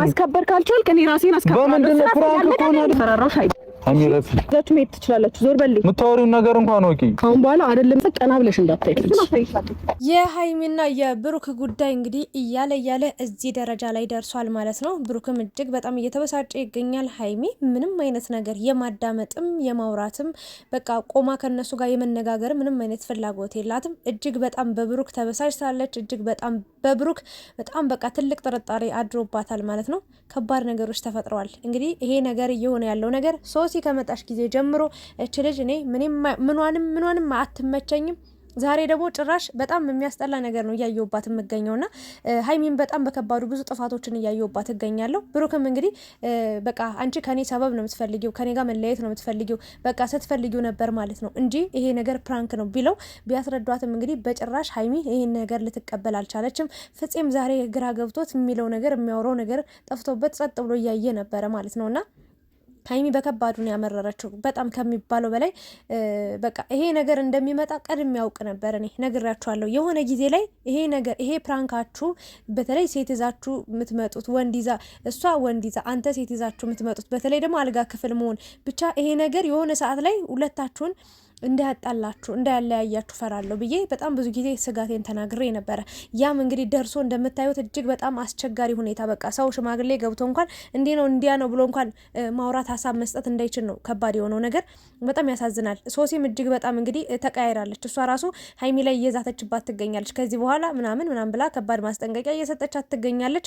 ማስከበር ካልቻልክ እኔ ራሴን አስከብራለሁ። በምንድን ነው ፍራንክ እኮ ነው አሚረፍ መሄድ ዞር በል የምታወሪውን ነገር እንኳን ወቂ። ካሁን በኋላ አይደለም ቀና ብለሽ እንዳታይ። የሀይሚና የብሩክ ጉዳይ እንግዲህ እያለ እያለ እዚህ ደረጃ ላይ ደርሷል ማለት ነው። ብሩክም እጅግ በጣም እየተበሳጨ ይገኛል። ሀይሚ ምንም አይነት ነገር የማዳመጥም የማውራትም በቃ ቆማ ከነሱ ጋር የመነጋገር ምንም አይነት ፍላጎት የላትም። እጅግ በጣም በብሩክ ተበሳጭታለች። እጅግ በጣም በብሩክ በጣም በቃ ትልቅ ጥርጣሬ አድሮባታል ማለት ነው። ከባድ ነገሮች ተፈጥረዋል። እንግዲህ ይሄ ነገር እየሆነ ያለው ነገር ሶስት ሶሲ ከመጣሽ ጊዜ ጀምሮ እች ልጅ እኔ ምኗንም ምኗንም አትመቸኝም። ዛሬ ደግሞ ጭራሽ በጣም የሚያስጠላ ነገር ነው እያየውባት የምገኘው ና ሀይሚን በጣም በከባዱ ብዙ ጥፋቶችን እያየውባት እገኛለሁ። ብሩክም እንግዲህ በቃ አንቺ ከኔ ሰበብ ነው የምትፈልጊው፣ ከኔ ጋር መለያየት ነው የምትፈልጊው፣ በቃ ስትፈልጊው ነበር ማለት ነው እንጂ ይሄ ነገር ፕራንክ ነው ቢለው ቢያስረዷትም እንግዲህ በጭራሽ ሀይሚ ይሄን ነገር ልትቀበል አልቻለችም። ፍፄም ዛሬ ግራ ገብቶት የሚለው ነገር የሚያወራው ነገር ጠፍቶበት ጸጥ ብሎ እያየ ነበረ ማለት ነው እና ሀይሚ በከባዱ ነው ያመረረችው። በጣም ከሚባለው በላይ በቃ ይሄ ነገር እንደሚመጣ ቀድሜ ያውቅ ነበር። እኔ ነግራችኋለሁ። የሆነ ጊዜ ላይ ይሄ ነገር ይሄ ፕራንካችሁ፣ በተለይ ሴት ይዛችሁ የምትመጡት ወንድ ይዛ እሷ ወንድ ይዛ አንተ ሴት ይዛችሁ የምትመጡት በተለይ ደግሞ አልጋ ክፍል መሆን ብቻ ይሄ ነገር የሆነ ሰዓት ላይ ሁለታችሁን እንዳያጣላችሁ እንዳያለያያችሁ ፈራለሁ ብዬ በጣም ብዙ ጊዜ ስጋቴን ተናግሬ ነበረ። ያም እንግዲህ ደርሶ እንደምታዩት እጅግ በጣም አስቸጋሪ ሁኔታ በቃ ሰው ሽማግሌ ገብቶ እንኳን እንዲህ ነው እንዲያ ነው ብሎ እንኳን ማውራት ሀሳብ መስጠት እንዳይችል ነው ከባድ የሆነው ነገር። በጣም ያሳዝናል። ሶሲም እጅግ በጣም እንግዲህ ተቀያይራለች። እሷ ራሱ ሀይሚ ላይ እየዛተችባት ትገኛለች። ከዚህ በኋላ ምናምን ምናምን ብላ ከባድ ማስጠንቀቂያ እየሰጠቻት ትገኛለች።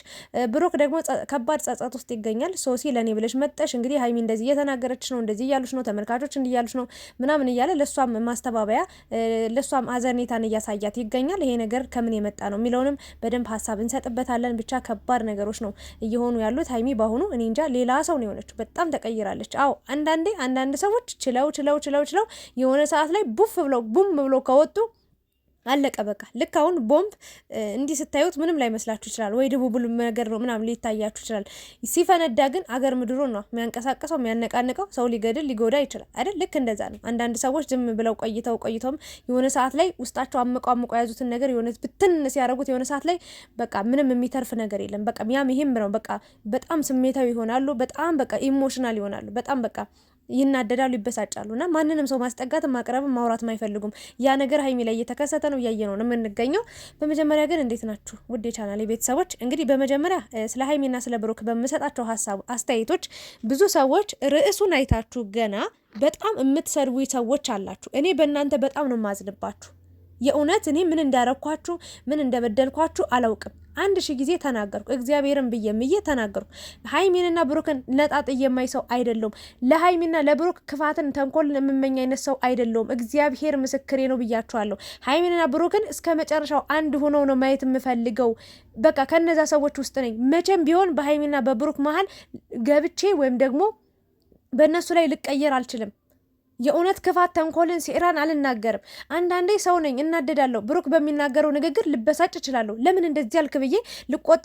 ብሩክ ደግሞ ከባድ ጸጸት ውስጥ ይገኛል። ሶሲ ለእኔ ብለሽ መጠሽ እንግዲህ ሀይሚ እንደዚህ እየተናገረች ነው፣ እንደዚህ እያሉች ነው፣ ተመልካቾች እንዲያሉች ነው ምናምን እያለ ለእሷም ማስተባበያ ለእሷም አዘኔታን እያሳያት ይገኛል። ይሄ ነገር ከምን የመጣ ነው የሚለውንም በደንብ ሀሳብ እንሰጥበታለን። ብቻ ከባድ ነገሮች ነው እየሆኑ ያሉት። ሀይሚ በአሁኑ እኔ እንጃ ሌላ ሰው ነው የሆነችው። በጣም ተቀይራለች። አዎ አንዳንዴ አንዳንድ ሰዎች ችለው ችለው ችለው ችለው የሆነ ሰዓት ላይ ቡፍ ብለው ቡም ብለው ከወጡ አለቀ በቃ። ልክ አሁን ቦምብ እንዲህ ስታዩት ምንም ላይ መስላችሁ ይችላል፣ ወይ ድቡብል ነገር ነው ምናምን ሊታያችሁ ይችላል። ሲፈነዳ ግን አገር ምድሩን ነው የሚያንቀሳቀሰው፣ የሚያነቃንቀው፣ ሰው ሊገድል ሊጎዳ ይችላል አይደል? ልክ እንደዛ ነው። አንዳንድ ሰዎች ዝም ብለው ቆይተው ቆይተውም የሆነ ሰዓት ላይ ውስጣቸው አምቀው አምቀው የያዙትን ነገር የሆነ ብትን ሲያደርጉት የሆነ ሰዓት ላይ በቃ ምንም የሚተርፍ ነገር የለም። በቃ ያም ይሄም ነው። በቃ በጣም ስሜታዊ ይሆናሉ። በጣም በቃ ኢሞሽናል ይሆናሉ። በጣም በቃ ይናደዳሉ፣ ይበሳጫሉ እና ማንንም ሰው ማስጠጋትም ማቅረብም ማውራት አይፈልጉም። ያ ነገር ሀይሚ ላይ እየተከሰተ ነው፣ እያየ ነው ነው የምንገኘው። በመጀመሪያ ግን እንዴት ናችሁ ውድ የቻናሌ ቤተሰቦች? እንግዲህ በመጀመሪያ ስለ ሀይሚና ስለ ብሩክ በምሰጣቸው ሀሳብ አስተያየቶች ብዙ ሰዎች ርዕሱን አይታችሁ ገና በጣም የምትሰድቡ ሰዎች አላችሁ። እኔ በእናንተ በጣም ነው የማዝንባችሁ። የእውነት እኔ ምን እንዳረኳችሁ ምን እንደበደልኳችሁ አላውቅም። አንድ ሺ ጊዜ ተናገርኩ። እግዚአብሔርን ብዬ ምዬ ተናገርኩ። ሀይሚንና ብሩክን ነጣጥ የማይ ሰው አይደለውም ለሀይሚና ለብሩክ ክፋትን፣ ተንኮልን የምመኝ አይነት ሰው አይደለሁም። እግዚአብሔር ምስክሬ ነው ብያችኋለሁ ሀይሚንና ብሩክን እስከ መጨረሻው አንድ ሆኖ ነው ማየት የምፈልገው። በቃ ከነዛ ሰዎች ውስጥ ነኝ። መቼም ቢሆን በሀይሚና በብሩክ መሀል ገብቼ ወይም ደግሞ በእነሱ ላይ ልቀየር አልችልም። የእውነት ክፋት፣ ተንኮልን፣ ሴራን አልናገርም። አንዳንዴ ሰው ነኝ፣ እናደዳለሁ። ብሩክ በሚናገረው ንግግር ልበሳጭ እችላለሁ። ለምን እንደዚህ አልክ ብዬ ልቆጣ፣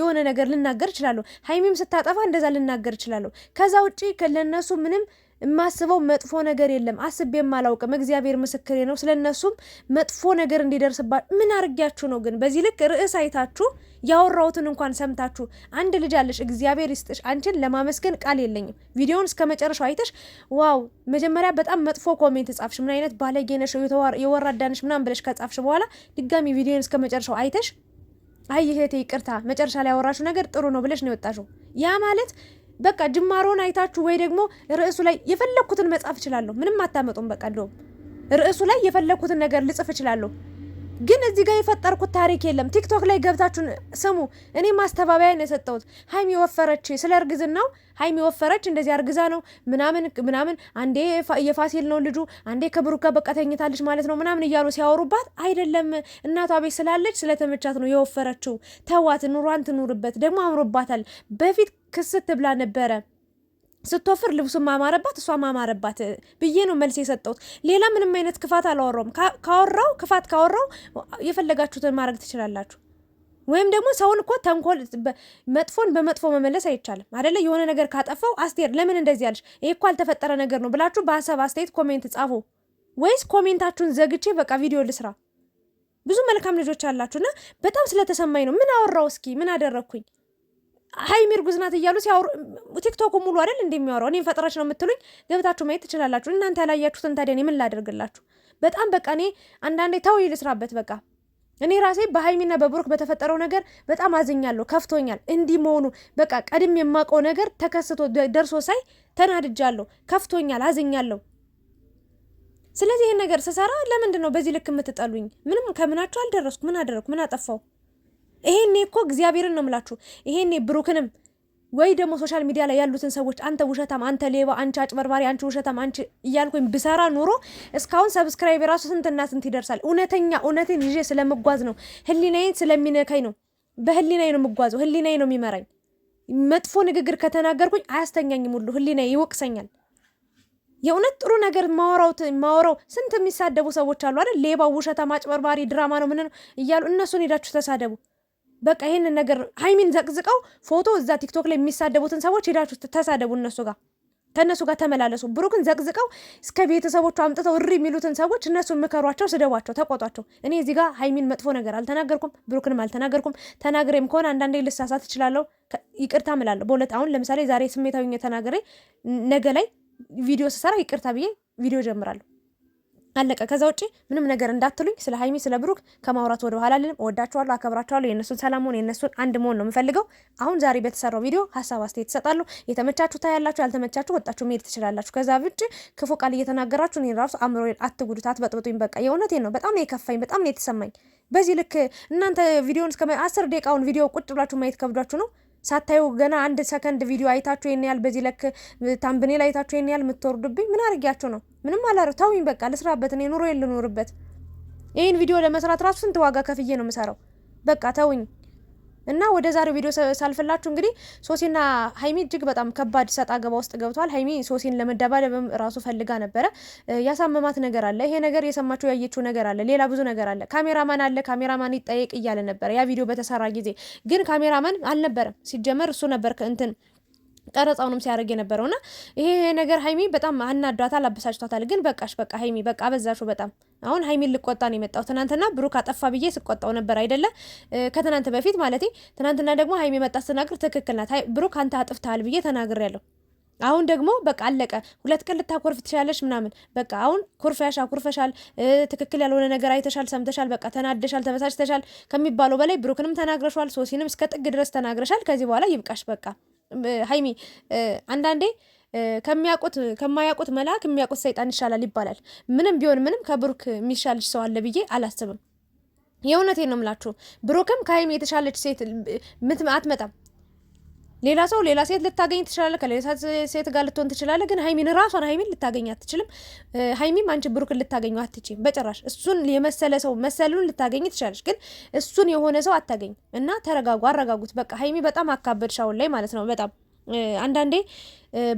የሆነ ነገር ልናገር እችላለሁ። ሀይሚም ስታጠፋ እንደዛ ልናገር እችላለሁ። ከዛ ውጪ ለእነሱ ምንም የማስበው መጥፎ ነገር የለም። አስቤም አላውቅም። እግዚአብሔር ምስክሬ ነው። ስለነሱም መጥፎ ነገር እንዲደርስባት ምን አርጊያችሁ ነው? ግን በዚህ ልክ ርዕስ አይታችሁ ያወራሁትን እንኳን ሰምታችሁ አንድ ልጅ አለሽ እግዚአብሔር ይስጥሽ፣ አንቺን ለማመስገን ቃል የለኝም። ቪዲዮውን እስከ መጨረሻው አይተሽ ዋው፣ መጀመሪያ በጣም መጥፎ ኮሜንት ጻፍሽ፣ ምን አይነት ባለጌነሽ፣ የወራዳንሽ ምናምን ብለሽ ከጻፍሽ በኋላ ድጋሚ ቪዲዮን እስከ መጨረሻው አይተሽ አይ እህቴ ይቅርታ፣ መጨረሻ ላይ ያወራሽው ነገር ጥሩ ነው ብለሽ ነው የወጣሽው። ያ ማለት በቃ ጅማሮን አይታችሁ ወይ ደግሞ ርዕሱ ላይ የፈለግኩትን መጻፍ እችላለሁ። ምንም አታመጡም። በቃ እንደውም ርዕሱ ላይ የፈለግኩትን ነገር ልጽፍ እችላለሁ። ግን እዚህ ጋር የፈጠርኩት ታሪክ የለም። ቲክቶክ ላይ ገብታችሁን ስሙ። እኔ ማስተባበያ ነው የሰጠሁት። ሀይሚ ወፈረች፣ ስለ ነው። ሀይሚ ወፈረች፣ እንደዚህ አርግዛ ነው ምናምን ምናምን፣ አንዴ የፋሲል ነው ልጁ፣ አንዴ ከብሩክ ጋር በቃ ተኝታለች ማለት ነው ምናምን እያሉ ሲያወሩባት፣ አይደለም እናቷ ቤት ስላለች ስለተመቻት ነው የወፈረችው። ተዋት፣ ኑሯን ትኑርበት። ደግሞ አምሮባታል። በፊት ክስት ብላ ነበረ ስትወፍር ልብሱ ማማረባት እሷ ማማረባት ብዬ ነው መልስ የሰጠሁት። ሌላ ምንም አይነት ክፋት አላወራውም። ካወራው ክፋት ካወራው የፈለጋችሁትን ማድረግ ትችላላችሁ። ወይም ደግሞ ሰውን እኮ ተንኮል መጥፎን በመጥፎ መመለስ አይቻልም አደለ? የሆነ ነገር ካጠፋው አስቴር ለምን እንደዚህ ያለሽ ይህ እኮ አልተፈጠረ ነገር ነው ብላችሁ በሀሳብ አስተያየት ኮሜንት ጻፉ። ወይስ ኮሜንታችሁን ዘግቼ በቃ ቪዲዮ ልስራ? ብዙ መልካም ልጆች አላችሁና በጣም ስለተሰማኝ ነው። ምን አወራው? እስኪ ምን አደረግኩኝ? ሀይሚ እርጉዝ ናት እያሉ ሲያወሩ ቲክቶክ ሙሉ አይደል እንደሚያወራው እኔም ፈጥረች ነው የምትሉኝ፣ ገብታችሁ ማየት ትችላላችሁ። እናንተ ያላያችሁትን ታዲያ እኔ ምን ላደርግላችሁ? በጣም በቃ እኔ አንዳንዴ ተው ልስራበት በቃ እኔ ራሴ በሀይሚና በብሩክ በተፈጠረው ነገር በጣም አዝኛለሁ፣ ከፍቶኛል። እንዲህ መሆኑ በቃ ቀድም የማውቀው ነገር ተከስቶ ደርሶ ሳይ ተናድጃለሁ፣ ከፍቶኛል፣ አዝኛለሁ። ስለዚህ ይህን ነገር ስሰራ ለምንድን ነው በዚህ ልክ የምትጠሉኝ? ምንም ከምናችሁ አልደረስኩ። ምን አደረግኩ? ምን አጠፋው? ይሄኔ እኮ እግዚአብሔርን ነው የምላችሁ። ይሄኔ ብሩክንም ወይ ደግሞ ሶሻል ሚዲያ ላይ ያሉትን ሰዎች አንተ ውሸታም፣ አንተ ሌባ፣ አንቺ አጭበርባሪ፣ አንቺ ውሸታም፣ አንቺ እያልኩኝ ብሰራ ኖሮ እስካሁን ሰብስክራይብ የራሱ ስንትና ስንት ይደርሳል። እውነተኛ እውነትን ይዤ ስለምጓዝ ነው፣ ህሊናዬን ስለሚነካኝ ነው። በህሊናዬ ነው የምጓዘው፣ ህሊናዬ ነው የሚመራኝ። መጥፎ ንግግር ከተናገርኩኝ አያስተኛኝም፣ ሁሉ ህሊናዬ ይወቅሰኛል። የእውነት ጥሩ ነገር ማወራውት ማወራው ስንት የሚሳደቡ ሰዎች አሉ አይደል? ሌባ፣ ውሸታም፣ አጭበርባሪ፣ ድራማ ነው ምን ነው እያሉ እነሱን ሄዳችሁ ተሳደቡ። በቃ ይህን ነገር ሀይሚን ዘቅዝቀው ፎቶ እዛ ቲክቶክ ላይ የሚሳደቡትን ሰዎች ሄዳችሁ ተሳደቡ፣ እነሱ ጋር ከእነሱ ጋር ተመላለሱ። ብሩክን ዘቅዝቀው እስከ ቤተሰቦቹ አምጥተው እሪ የሚሉትን ሰዎች እነሱን ምከሯቸው፣ ስደቧቸው፣ ተቆጧቸው። እኔ እዚህ ጋር ሀይሚን መጥፎ ነገር አልተናገርኩም፣ ብሩክንም አልተናገርኩም። ተናግሬም ከሆነ አንዳንዴ ልሳሳት እችላለሁ፣ ይቅርታ እምላለሁ። በሁለት አሁን ለምሳሌ ዛሬ ስሜታዊ ተናግሬ ነገ ላይ ቪዲዮ ስሰራ ይቅርታ ብዬ ቪዲዮ ጀምራለሁ። አለቀ። ከዛ ውጭ ምንም ነገር እንዳትሉኝ። ስለ ሀይሚ ስለ ብሩክ ከማውራት ወደ ኋላ ልንም። እወዳችኋለሁ፣ አከብራችኋለሁ። የእነሱን ሰላም መሆን የእነሱን አንድ መሆን ነው የምፈልገው። አሁን ዛሬ በተሰራው ቪዲዮ ሀሳብ አስተያየት ትሰጣሉ። የተመቻችሁ ታያላችሁ፣ ያልተመቻችሁ ወጣችሁ መሄድ ትችላላችሁ። ከዛ ውጭ ክፉ ቃል እየተናገራችሁ እኔ ራሱ አእምሮ አትጉዱት፣ አትበጥብጡኝ። በቃ የእውነቴን ነው። በጣም ነው የከፋኝ፣ በጣም ነው የተሰማኝ። በዚህ ልክ እናንተ ቪዲዮን እስከ አስር ደቂቃውን ቪዲዮ ቁጭ ብላችሁ ማየት ከብዷችሁ ነው ሳታዩ ገና አንድ ሰከንድ ቪዲዮ አይታችሁ ይሄን ያህል በዚህ ለክ ታምብኔል አይታችሁ ይሄን ያህል የምትወርዱብኝ ምን አድርጊያችሁ ነው? ምንም አላረ ተውኝ፣ በቃ ልስራበት፣ እኔ ኑሮ ልኖርበት። ይህን ቪዲዮ ለመስራት ራሱ ስንት ዋጋ ከፍዬ ነው የምሰራው። በቃ ተውኝ። እና ወደ ዛሬው ቪዲዮ ሳልፍላችሁ እንግዲህ ሶሲና ሀይሚ እጅግ በጣም ከባድ ሰጣ ገባ ውስጥ ገብቷል። ሀይሚ ሶሲን ለመደባደብም ራሱ ፈልጋ ነበረ። ያሳመማት ነገር አለ። ይሄ ነገር የሰማችሁ ያየችው ነገር አለ። ሌላ ብዙ ነገር አለ። ካሜራማን አለ። ካሜራማን ይጠየቅ እያለ ነበረ ያ ቪዲዮ በተሰራ ጊዜ ግን ካሜራማን አልነበረም። ሲጀመር እሱ ነበር ከእንትን ቀረጻውንም ሲያደርግ የነበረው እና ይሄ ነገር ሀይሚ በጣም አናዷታል፣ አበሳጭቷታል። ግን በቃሽ፣ በቃ ሀይሚ በቃ አበዛሹ በጣም አሁን ሀይሚን ልቆጣ ነው የመጣው። ትናንትና ብሩክ አጠፋ ብዬ ስቆጣው ነበር አይደለ? ከትናንት በፊት ማለት ትናንትና ደግሞ ሀይሚ መጣ ስናገር ትክክል ናት። ብሩክ አንተ አጥፍተሃል ብዬ ያለው አሁን ደግሞ በቃ አለቀ። ሁለት ቀን ልታኮርፍ ትችላለች ምናምን በቃ አሁን ኮርፈሻ ኮርፈሻል፣ ትክክል ያልሆነ ነገር አይተሻል፣ ሰምተሻል፣ በቃ ተናደሻል፣ ተበሳጭተሻል ከሚባለው በላይ ብሩክንም ተናግረሻል፣ ሶሲንም እስከ ጥግ ድረስ ተናግረሻል። ከዚህ በኋላ ይብቃሽ በቃ ሀይሚ አንዳንዴ ከሚያውቁት ከማያውቁት መልአክ የሚያውቁት ሰይጣን ይሻላል ይባላል። ምንም ቢሆን ምንም ከብሩክ የሚሻልሽ ሰው አለ ብዬ አላስብም። የእውነቴን ነው የምላችሁ። ብሩክም ከሀይሚ የተሻለች ሴት አትመጣም። ሌላ ሰው ሌላ ሴት ልታገኝ ትችላለ፣ ከሌላ ሴት ጋር ልትሆን ትችላለ። ግን ሀይሚን ራሷን ሀይሚን ልታገኝ አትችልም። ሀይሚም አንቺ ብሩክን ልታገኙ አትችም በጭራሽ። እሱን የመሰለ ሰው መሰሉን ልታገኝ ትችላለች፣ ግን እሱን የሆነ ሰው አታገኝ እና ተረጋጉ፣ አረጋጉት። በቃ ሀይሚ በጣም አካበድሽ አሁን ላይ ማለት ነው በጣም አንዳንዴ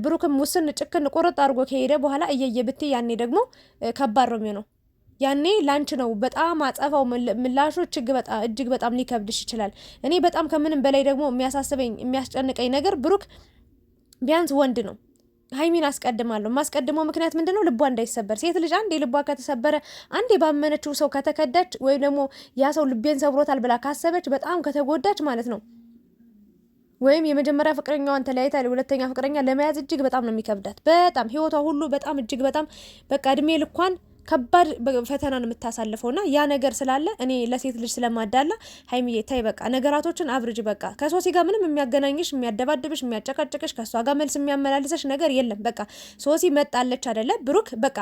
ብሩክም ውስን ጭክን ቁርጥ አድርጎ ከሄደ በኋላ እየየ ብትይ ያኔ ደግሞ ከባድ ነው የሚሆነው። ያኔ ላንች ነው በጣም አጸፋው ምላሾች እጅግ በጣም ሊከብድሽ ይችላል። እኔ በጣም ከምንም በላይ ደግሞ የሚያሳስበኝ የሚያስጨንቀኝ ነገር ብሩክ ቢያንስ ወንድ ነው። ሀይሚን አስቀድማለሁ። የማስቀድመው ምክንያት ምንድን ነው? ልቧ እንዳይሰበር። ሴት ልጅ አንዴ ልቧ ከተሰበረ አንዴ ባመነችው ሰው ከተከዳች ወይም ደግሞ ያ ሰው ልቤን ሰብሮታል ብላ ካሰበች በጣም ከተጎዳች ማለት ነው ወይም የመጀመሪያ ፍቅረኛዋን ተለያይታ ሁለተኛ ፍቅረኛ ለመያዝ እጅግ በጣም ነው የሚከብዳት። በጣም ህይወቷ ሁሉ በጣም እጅግ በጣም በቃ እድሜ ልኳን ከባድ ፈተናን የምታሳልፈው እና ያ ነገር ስላለ እኔ ለሴት ልጅ ስለማዳላ ሀይሚዬ ታይ በቃ ነገራቶችን አብርጅ በቃ ከሶሲ ጋር ምንም የሚያገናኝሽ የሚያደባድብሽ የሚያጨቃጭቅሽ ከእሷ ጋር መልስ የሚያመላልሰሽ ነገር የለም። በቃ ሶሲ መጣለች አደለ ብሩክ በቃ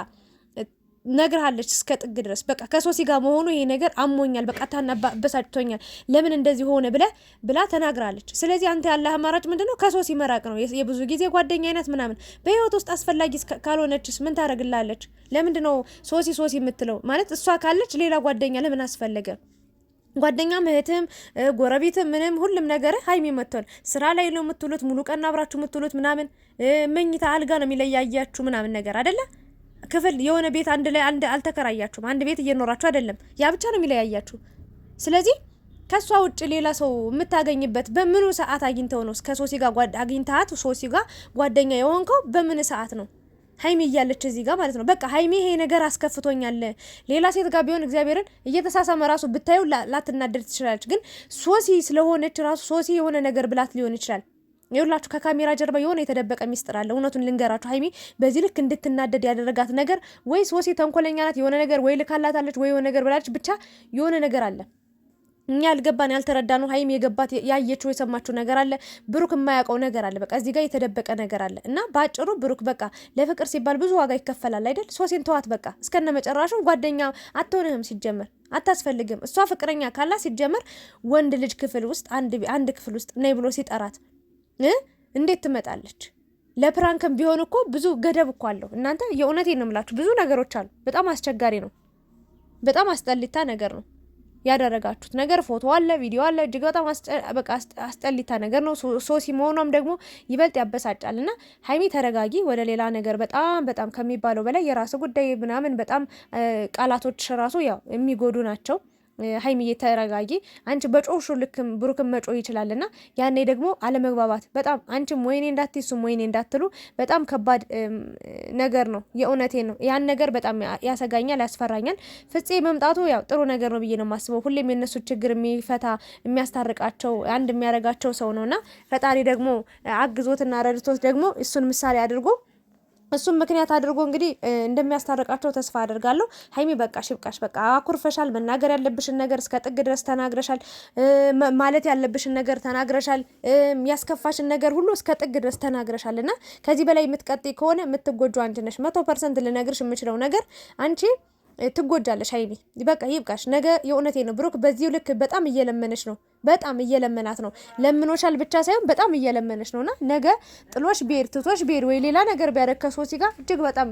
ነግርሃለች እስከ ጥግ ድረስ በቃ ከሶሲ ጋር መሆኑ ይሄ ነገር አሞኛል፣ በቃ ታናባ በሳጭቶኛል፣ ለምን እንደዚህ ሆነ ብለ ብላ ተናግራለች። ስለዚህ አንተ ያለ አማራጭ ምንድነው? ከሶሲ መራቅ ነው። የብዙ ጊዜ ጓደኛ አይነት ምናምን በህይወት ውስጥ አስፈላጊ ካልሆነችስ ምን ታደርግላለች? ነው ሶሲ ሶሲ የምትለው? ማለት እሷ ካለች ሌላ ጓደኛ ለምን አስፈለገ? ጓደኛ እህትም ጎረቤትም ምንም ሁሉም ነገር ሀይሚ መጥቷል። ስራ ላይ ነው የምትውሉት፣ ሙሉ ቀን አብራችሁ የምትውሉት ምናምን፣ መኝታ አልጋ ነው የሚለያያችሁ ምናምን ነገር አይደለም ክፍል የሆነ ቤት አንድ ላይ አንድ አልተከራያችሁም፣ አንድ ቤት እየኖራችሁ አይደለም። ያ ብቻ ነው የሚለያያችሁ። ስለዚህ ከሷ ውጭ ሌላ ሰው የምታገኝበት በምኑ ሰዓት አግኝተው ነው? ከሶሲ ጋር አግኝታት ሶሲ ጋር ጓደኛ የሆንከው በምን ሰዓት ነው? ሀይሚ እያለች እዚህ ጋር ማለት ነው። በቃ ሀይሚ ይሄ ነገር አስከፍቶኛል። ሌላ ሴት ጋር ቢሆን እግዚአብሔርን እየተሳሳመ ራሱ ብታየው ላትናደድ ትችላለች። ግን ሶሲ ስለሆነች ራሱ ሶሲ የሆነ ነገር ብላት ሊሆን ይችላል ይኸውላችሁ ከካሜራ ጀርባ የሆነ የተደበቀ ሚስጥር አለ። እውነቱን ልንገራችሁ፣ ሀይሚ በዚህ ልክ እንድትናደድ ያደረጋት ነገር ወይ ሶሲ ተንኮለኛ ናት የሆነ ነገር ወይ ልካላታለች ወይ የሆነ ነገር ብላለች፣ ብቻ የሆነ ነገር አለ። እኛ ያልገባን ያልተረዳነው ሀይም የገባት ያየችው የሰማችው ነገር አለ። ብሩክ የማያውቀው ነገር አለ። በቃ እዚህ ጋር የተደበቀ ነገር አለ እና በአጭሩ ብሩክ በቃ ለፍቅር ሲባል ብዙ ዋጋ ይከፈላል አይደል? ሶሴን ተዋት በቃ እስከነ መጨረሻው ጓደኛ አትሆንህም። ሲጀመር አታስፈልግም። እሷ ፍቅረኛ ካላ ሲጀመር ወንድ ልጅ ክፍል ውስጥ አንድ ክፍል ውስጥ ነይ ብሎ ሲጠራት እንዴት ትመጣለች? ለፕራንክም ቢሆን እኮ ብዙ ገደብ እኮ አለው። እናንተ የእውነቴን ነው የምላችሁ፣ ብዙ ነገሮች አሉ። በጣም አስቸጋሪ ነው። በጣም አስጠሊታ ነገር ነው ያደረጋችሁት ነገር። ፎቶ አለ፣ ቪዲዮ አለ። እጅግ በጣም በቃ አስጠሊታ ነገር ነው። ሶሲ መሆኗም ደግሞ ይበልጥ ያበሳጫል። እና ሀይሚ ተረጋጊ። ወደ ሌላ ነገር በጣም በጣም ከሚባለው በላይ የራስ ጉዳይ ምናምን በጣም ቃላቶች ራሱ ያው የሚጎዱ ናቸው። ሀይሚዬ ተረጋጊ፣ አንቺ በጮሹ ልክም ብሩክም መጮ ይችላል እና ያኔ ደግሞ አለመግባባት በጣም አንቺም ወይኔ እንዳትሱም ወይኔ እንዳትሉ በጣም ከባድ ነገር ነው። የእውነቴ ነው። ያን ነገር በጣም ያሰጋኛል፣ ያስፈራኛል። ፍፄ መምጣቱ ያው ጥሩ ነገር ነው ብዬ ነው የማስበው። ሁሌም የነሱ ችግር የሚፈታ የሚያስታርቃቸው አንድ የሚያደርጋቸው ሰው ነውና ፈጣሪ ደግሞ አግዞትና ረድቶት ደግሞ እሱን ምሳሌ አድርጎ እሱም ምክንያት አድርጎ እንግዲህ እንደሚያስታርቃቸው ተስፋ አድርጋለሁ። ሀይሚ በቃ ሽብቃሽ፣ በቃ አኩርፈሻል። መናገር ያለብሽን ነገር እስከ ጥግ ድረስ ተናግረሻል። ማለት ያለብሽን ነገር ተናግረሻል። ያስከፋሽን ነገር ሁሉ እስከ ጥግ ድረስ ተናግረሻል እና ከዚህ በላይ የምትቀጥ ከሆነ የምትጎጁ አንቺ ነሽ። መቶ ፐርሰንት ልነግርሽ የምችለው ነገር አንቺ ትጎጃለሽ ሀይሚ፣ በቃ ይብቃሽ። ነገ የእውነቴ ነው ብሩክ፣ በዚህ ልክ በጣም እየለመነች ነው፣ በጣም እየለመናት ነው። ለምኖሻል ብቻ ሳይሆን በጣም እየለመነች ነውና ነገ ጥሎሽ ቤር ትቶሽ ቤር ወይ ሌላ ነገር ቢያረከሶ ሲጋ እጅግ በጣም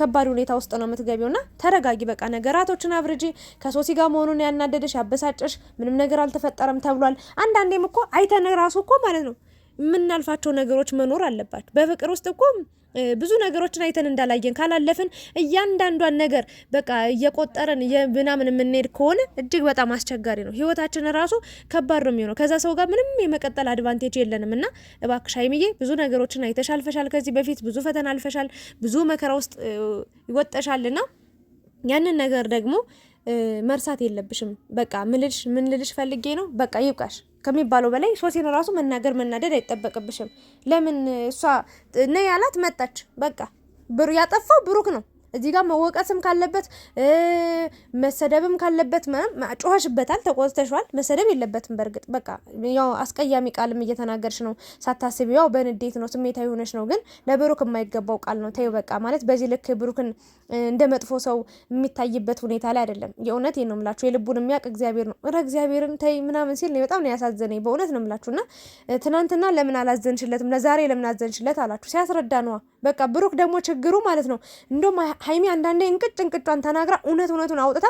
ከባድ ሁኔታ ውስጥ ነው የምትገቢውና ተረጋጊ። በቃ ነገራቶችን አብርጂ። ከሶሲ ጋር መሆኑን ያናደደሽ ያበሳጨሽ ምንም ነገር አልተፈጠረም ተብሏል። አንዳንዴም እኮ አይተን ራሱ እኮ ማለት ነው የምናልፋቸው ነገሮች መኖር አለባቸው በፍቅር ውስጥ እኮ ብዙ ነገሮችን አይተን እንዳላየን ካላለፍን እያንዳንዷን ነገር በቃ እየቆጠረን ምናምን የምንሄድ ከሆነ እጅግ በጣም አስቸጋሪ ነው። ህይወታችን ራሱ ከባድ ነው የሚሆነው። ከዛ ሰው ጋር ምንም የመቀጠል አድቫንቴጅ የለንም። እና እባክሽ ሀይሚዬ ብዙ ነገሮችን አይተሽ አልፈሻል። ከዚህ በፊት ብዙ ፈተና አልፈሻል፣ ብዙ መከራ ውስጥ ይወጠሻልና ያንን ነገር ደግሞ መርሳት የለብሽም። በቃ ምልልሽ ምን ልልሽ ፈልጌ ነው በቃ ይብቃሽ ከሚባለው በላይ ሶሴን ራሱ መናገር መናደድ አይጠበቅብሽም። ለምን እሷ ነ ያላት መጣች። በቃ ብሩ ያጠፋው ብሩክ ነው እዚህ ጋር መወቀስም ካለበት መሰደብም ካለበት ጮኸሽበታል፣ ተቆጥተሽዋል። መሰደብ የለበትም። በእርግጥ በቃ ያው አስቀያሚ ቃልም እየተናገርሽ ነው ሳታስቢ፣ ያው በንዴት ነው ስሜታዊ ሆነሽ ነው። ግን ለብሩክ የማይገባው ቃል ነው። ተይው በቃ ማለት በዚህ ልክ ብሩክን እንደ መጥፎ ሰው የሚታይበት ሁኔታ ላይ አይደለም። የእውነት ነው የምላችሁ የልቡን የሚያውቅ እግዚአብሔር ነው። ረ እግዚአብሔርን ተይ ምናምን ሲል ነው በጣም ነው ያሳዘነኝ። በእውነት ነው የምላችሁ እና ትናንትና ለምን አላዘንሽለትም ለዛሬ ለምን አዘንሽለት አላችሁ። ሲያስረዳ ነዋ። በቃ ብሩክ ደግሞ ችግሩ ማለት ነው እንደውም ሀይሚ አንዳንዴ እንቅጭ እንቅጯን ተናግራ እውነት እውነቱን አውጥታ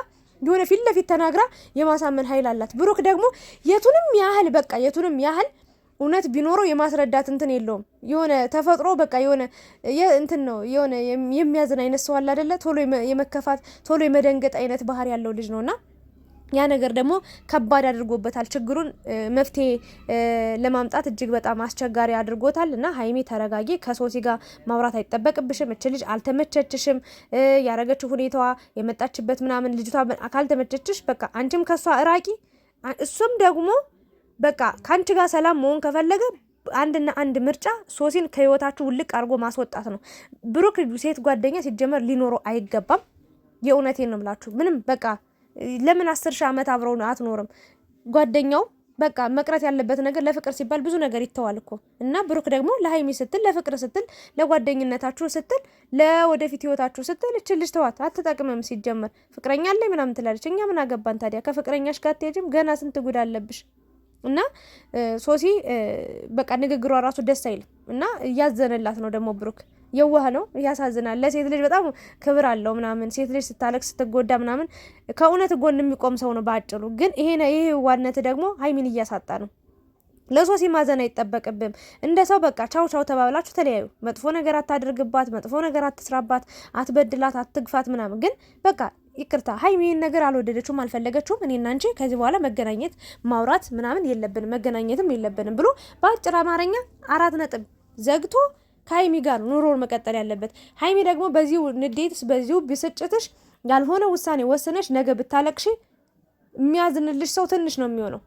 የሆነ ፊት ለፊት ተናግራ የማሳመን ኃይል አላት። ብሩክ ደግሞ የቱንም ያህል በቃ የቱንም ያህል እውነት ቢኖረው የማስረዳት እንትን የለውም። የሆነ ተፈጥሮ በቃ የሆነ እንትን ነው የሆነ የሚያዝን አይነት ሰው አለ ቶሎ የመከፋት ቶሎ የመደንገጥ አይነት ባህሪ ያለው ልጅ ነውና ያ ነገር ደግሞ ከባድ አድርጎበታል። ችግሩን መፍትሄ ለማምጣት እጅግ በጣም አስቸጋሪ አድርጎታል። እና ሀይሜ ተረጋጊ፣ ከሶሲ ጋር ማውራት አይጠበቅብሽም። እች ልጅ አልተመቸችሽም፣ ያረገችው ሁኔታዋ የመጣችበት ምናምን ልጅቷ ካልተመቸችሽ በቃ አንቺም ከሷ እራቂ። እሱም ደግሞ በቃ ከአንቺ ጋር ሰላም መሆን ከፈለገ አንድና አንድ ምርጫ ሶሲን ከህይወታችሁ ውልቅ አድርጎ ማስወጣት ነው። ብሩክ ሴት ጓደኛ ሲጀመር ሊኖረው አይገባም። የእውነቴን ነው የምላችሁ ምንም በቃ ለምን አስር ሺህ ዓመት አብረው አትኖርም? ጓደኛው በቃ መቅረት ያለበት ነገር ለፍቅር ሲባል ብዙ ነገር ይተዋል እኮ እና ብሩክ ደግሞ ለሀይሚ ስትል ለፍቅር ስትል ለጓደኝነታችሁ ስትል ለወደፊት ህይወታችሁ ስትል እች ልጅ ተዋት፣ አትጠቅምም። ሲጀመር ፍቅረኛ አለ ምናምን ትላለች። እኛ ምን አገባን ታዲያ? ከፍቅረኛሽ ጋር አትሄጂም? ገና ስንት ጉድ አለብሽ። እና ሶሲ በቃ ንግግሯ ራሱ ደስ አይልም። እና እያዘነላት ነው ደግሞ ብሩክ የዋህ ነው። ያሳዝናል። ለሴት ልጅ በጣም ክብር አለው ምናምን ሴት ልጅ ስታለቅ ስትጎዳ ምናምን ከእውነት ጎን የሚቆም ሰው ነው በአጭሩ። ግን ይሄ ይሄ ዋነት ደግሞ ሀይሚን እያሳጣ ነው። ለሶሲ ማዘን አይጠበቅብም። እንደ ሰው በቃ ቻው ቻው ተባብላችሁ ተለያዩ። መጥፎ ነገር አታድርግባት፣ መጥፎ ነገር አትስራባት፣ አትበድላት፣ አትግፋት ምናምን ግን በቃ ይቅርታ ሀይሚ ይህን ነገር አልወደደችውም፣ አልፈለገችውም። እኔና አንቺ ከዚህ በኋላ መገናኘት ማውራት ምናምን የለብንም መገናኘትም የለብንም ብሎ በአጭር አማርኛ አራት ነጥብ ዘግቶ ከሀይሚ ጋር ኑሮን መቀጠል ያለበት። ሀይሚ ደግሞ በዚሁ ንዴትስ፣ በዚሁ ብስጭትሽ ያልሆነ ውሳኔ ወስነሽ ነገ ብታለቅሽ የሚያዝንልሽ ሰው ትንሽ ነው የሚሆነው።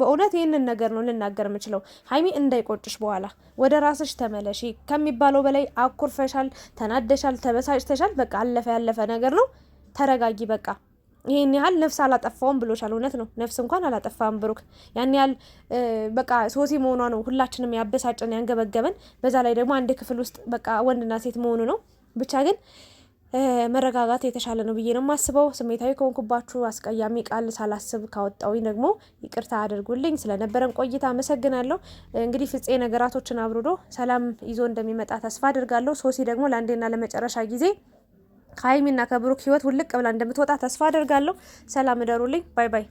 በእውነት ይህንን ነገር ነው ልናገር የምችለው። ሀይሚ እንዳይቆጭሽ በኋላ ወደ ራስሽ ተመለሺ። ከሚባለው በላይ አኩርፈሻል፣ ተናደሻል፣ ተበሳጭተሻል። በቃ አለፈ ያለፈ ነገር ነው። ተረጋጊ በቃ ይሄን ያህል ነፍስ አላጠፋውም ብሎሻል። እውነት ነው፣ ነፍስ እንኳን አላጠፋም ብሩክ። ያን ያህል በቃ ሶሲ መሆኗ ነው ሁላችንም ያበሳጨን ያንገበገበን። በዛ ላይ ደግሞ አንድ ክፍል ውስጥ በቃ ወንድና ሴት መሆኑ ነው። ብቻ ግን መረጋጋት የተሻለ ነው ብዬ ነው የማስበው። ስሜታዊ ከሆንኩባችሁ አስቀያሚ ቃል ሳላስብ ካወጣውኝ ደግሞ ይቅርታ አድርጉልኝ። ስለነበረን ቆይታ አመሰግናለሁ። እንግዲህ ፍፄ ነገራቶችን አብርዶ ሰላም ይዞ እንደሚመጣ ተስፋ አድርጋለሁ። ሶሲ ደግሞ ለአንዴና ለመጨረሻ ጊዜ ከሀይሚና ከብሩክ ህይወት ውልቅ ብላ እንደምትወጣ ተስፋ አደርጋለሁ። ሰላም እደሩልኝ። ባይ ባይ